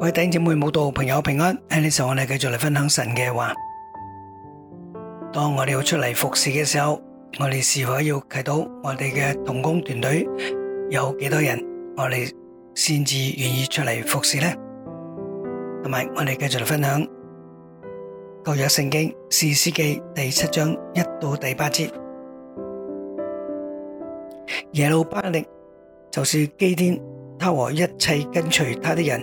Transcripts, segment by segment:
各位弟兄姊妹，慕道朋友平安。喺呢度我哋繼續嚟分享神嘅話。當我哋要出嚟服事嘅時候，我哋是否要睇到我哋嘅同工團隊有幾多人，我哋先至願意出嚟服事呢？同埋我哋繼續嚟分享舊約聖經士師記第七章一到第八節。耶路巴力就是基甸，他和一切跟隨他的人。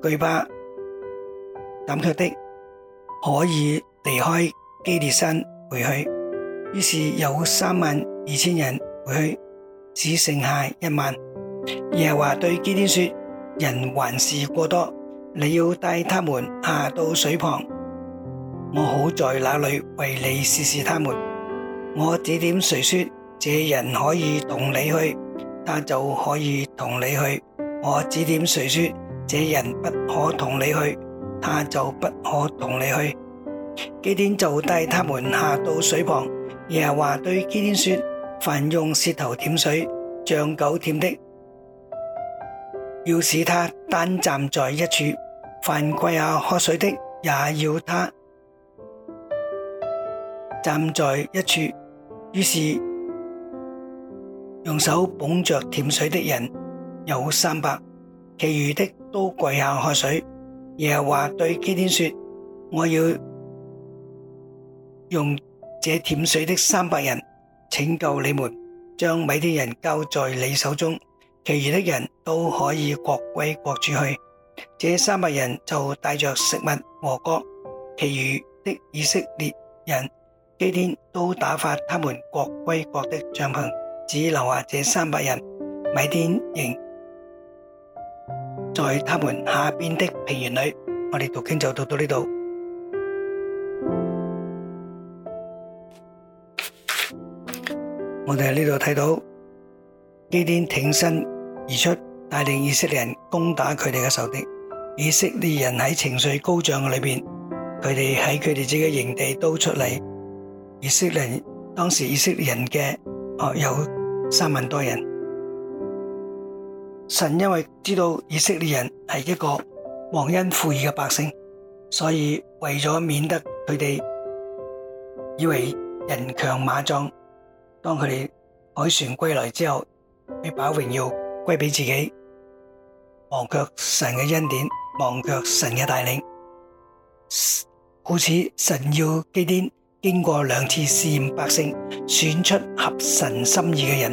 懼怕，膽怯的可以離開基列山回去，於是有三萬二千人回去，只剩下一萬。耶和華對基甸說：人還是過多，你要帶他們下到水旁，我好在那裏為你試試他們。我指點誰說這人可以同你去，他就可以同你去。我指點誰說，這人不可同你去，他就不可同你去。基甸就帶他們下到水旁，耶和華對基甸說：凡用舌頭舔水像狗舔的，要使他單站在一處；凡跪下、啊、喝水的，也要他站在一處。於是用手捧着舔水的人有三百。其餘的都跪下喝水，耶和華對基甸說：我要用這舔水的三百人拯救你們，將米甸人交在你手中，其餘的人都可以各歸各處去。這三百人就帶着食物和角，其餘的以色列人基甸都打發他們各歸各的帳篷，只留下這三百人，米甸營，在他們下邊的平原裏，我哋讀經就讀到呢度。我哋喺呢度睇到基甸挺身而出，帶領以色列人攻打佢哋嘅仇敵。以色列人喺情緒高漲嘅裏面，佢哋喺佢哋自己的營地都出嚟。以色列當時以色列人嘅、哦、有三萬多人。神因為知道以色列人係一個忘恩負義嘅百姓，所以為咗免得佢哋以為人強馬壯，當佢哋凱旋歸來之後，要把榮耀歸俾自己，忘卻神嘅恩典，忘卻神嘅帶領。故此，神要基甸經過兩次試驗百姓，選出合神心意嘅人，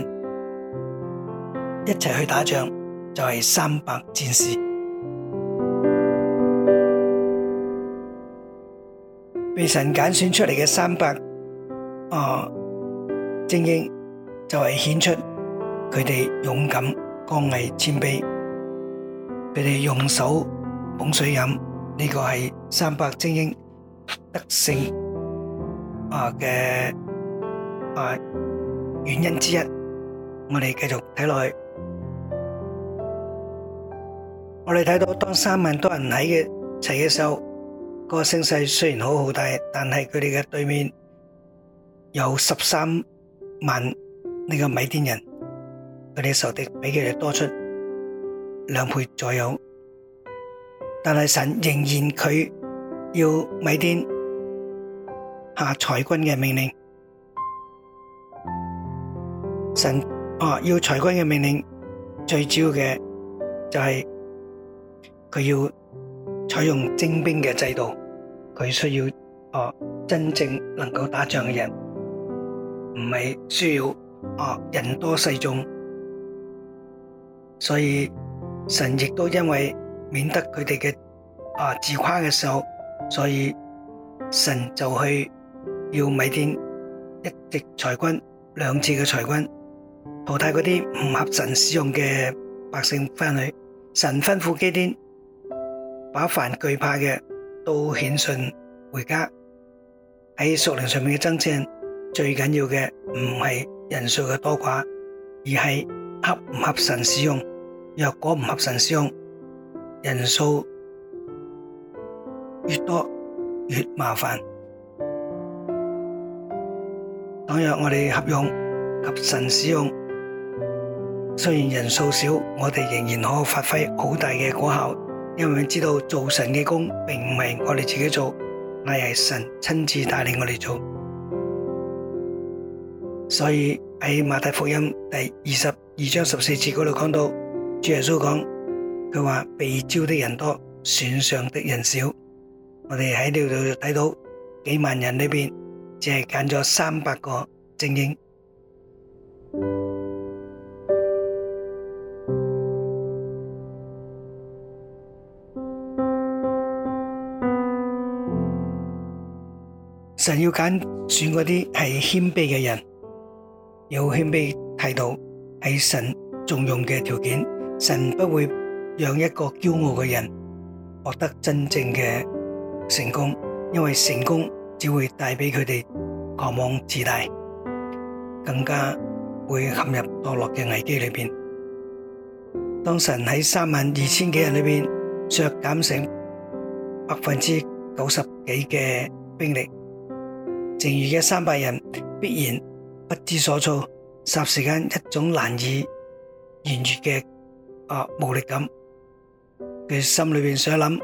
一齊去打仗。就係三百戰士，被神揀選出嚟嘅三百啊精英，就係顯出佢哋勇敢、剛毅、謙卑。佢哋用手捧水飲，呢個係三百精英得勝啊嘅啊原因之一。我哋繼續睇落去。我哋睇到當三萬多人喺一齊嘅時候，個聲勢雖然好浩大，但但係佢哋嘅對面有十三萬呢個米甸人，佢哋嘅仇敵比佢哋多出兩倍左右，但係神仍然佢要米甸下裁軍嘅命令，神哦、啊、要裁軍嘅命令最主要嘅就係、是。佢要採用精兵嘅制度，佢需要啊真正能夠打仗嘅人，唔係需要啊人多勢眾。所以神亦都因為免得佢哋嘅啊自誇嘅時候，所以神就去要每天一直裁軍兩次嘅裁軍，淘汰嗰啲唔合神使用嘅百姓翻去。神吩咐基甸。把凡懼怕嘅都遣送回家。喺熟糧上面嘅增長，最緊要嘅唔係人數嘅多寡，而係合唔合神使用。若果唔合神使用，人數越多越麻煩。倘若我哋合用合神使用，雖然人數少，我哋仍然可發揮好大嘅果效。因為你知道做神嘅工並唔係我哋自己做，乃係神親自帶領我哋做。所以喺馬太福音第二十二章十四節嗰度講到，主耶穌講，佢話被招的人多，選上的人少。我哋喺呢度睇到幾萬人裏面，只係揀咗三百個精英。要揀選嗰啲係謙卑嘅人，有謙卑態度，係神重用嘅條件。神不會讓一個驕傲嘅人獲得真正嘅成功，因為成功只會帶俾佢哋狂妄自大，更加會陷入墮落嘅危機裏邊。當神喺三萬二千幾人裏邊削減成百分之九十幾嘅兵力。剩餘嘅三百人必然不知所措，霎時間一種難以言喻嘅啊無力感。佢心裏邊想諗：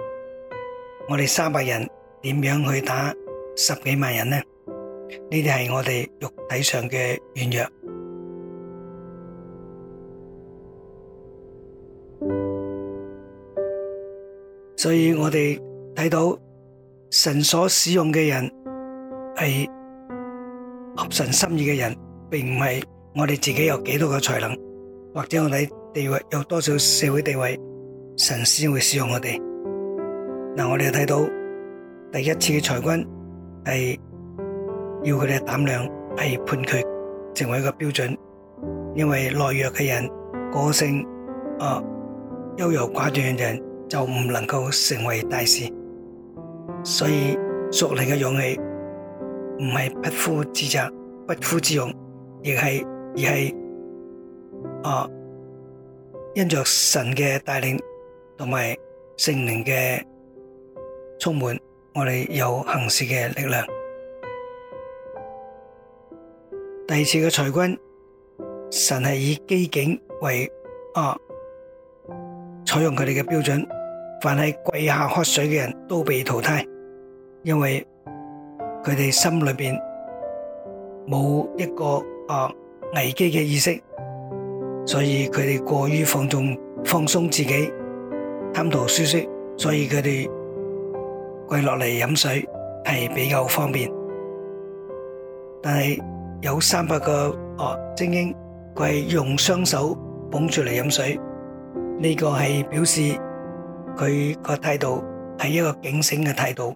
我哋三百人點樣去打十幾萬人呢？呢啲係我哋肉體上嘅軟弱。所以我哋睇到神所使用嘅人，係合神心意嘅人，並唔係我哋自己有幾多嘅才能，或者我哋地位有多少社會地位，神先會使用我哋。嗱，我哋又睇到第一次嘅裁軍，係要佢哋膽量係判決，成為一個標準，因為懦弱嘅人，個性啊，優柔寡斷嘅人就唔能夠成為大事，所以屬靈嘅勇氣唔係匹夫之責、匹夫之勇，亦係而係啊！因着神嘅帶領同埋聖靈嘅充滿，我哋有行事嘅力量。第二次嘅裁軍，神係以機警為啊，採用佢哋嘅標準，凡係跪下喝水嘅人都被淘汰，因為。佢哋心裏面冇一個啊危機嘅意識，所以佢哋過於放縱放鬆自己，貪圖舒適，所以佢哋跪落嚟飲水係比較方便。但係有三百個啊精英，佢係用雙手捧住嚟飲水，呢個係表示佢個態度係一個警醒嘅態度。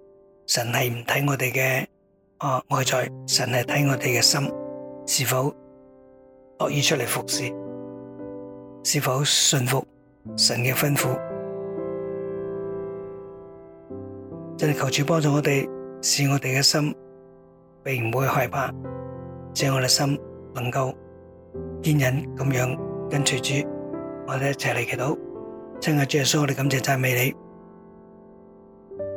神係唔睇我哋嘅啊外在，神係睇我哋嘅心是否樂意出嚟服侍，是否信服神嘅吩咐。真係求主幫助我哋，使我哋嘅心並唔會害怕，使我哋嘅心能夠堅忍咁樣跟隨主。我哋一齊嚟祈禱，親愛的耶穌，我哋感謝讚美你。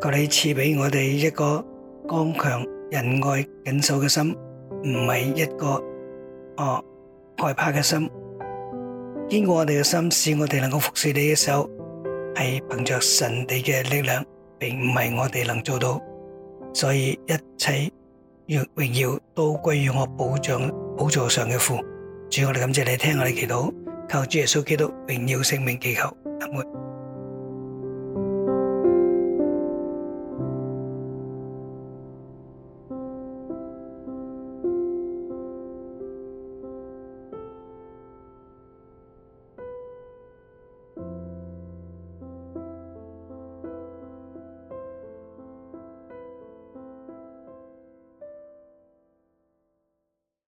求你賜俾我哋一個剛強、仁愛、謹守嘅心，唔係一個哦害怕嘅心。堅固我哋嘅心，使我哋能夠服侍你嘅手，係憑着神你嘅力量，並唔係我哋能做到。所以一切榮耀都歸於我保障寶座上嘅父。主，我哋感謝你，聽我哋祈禱，求主耶穌基督榮耀聖名，祈求阿門。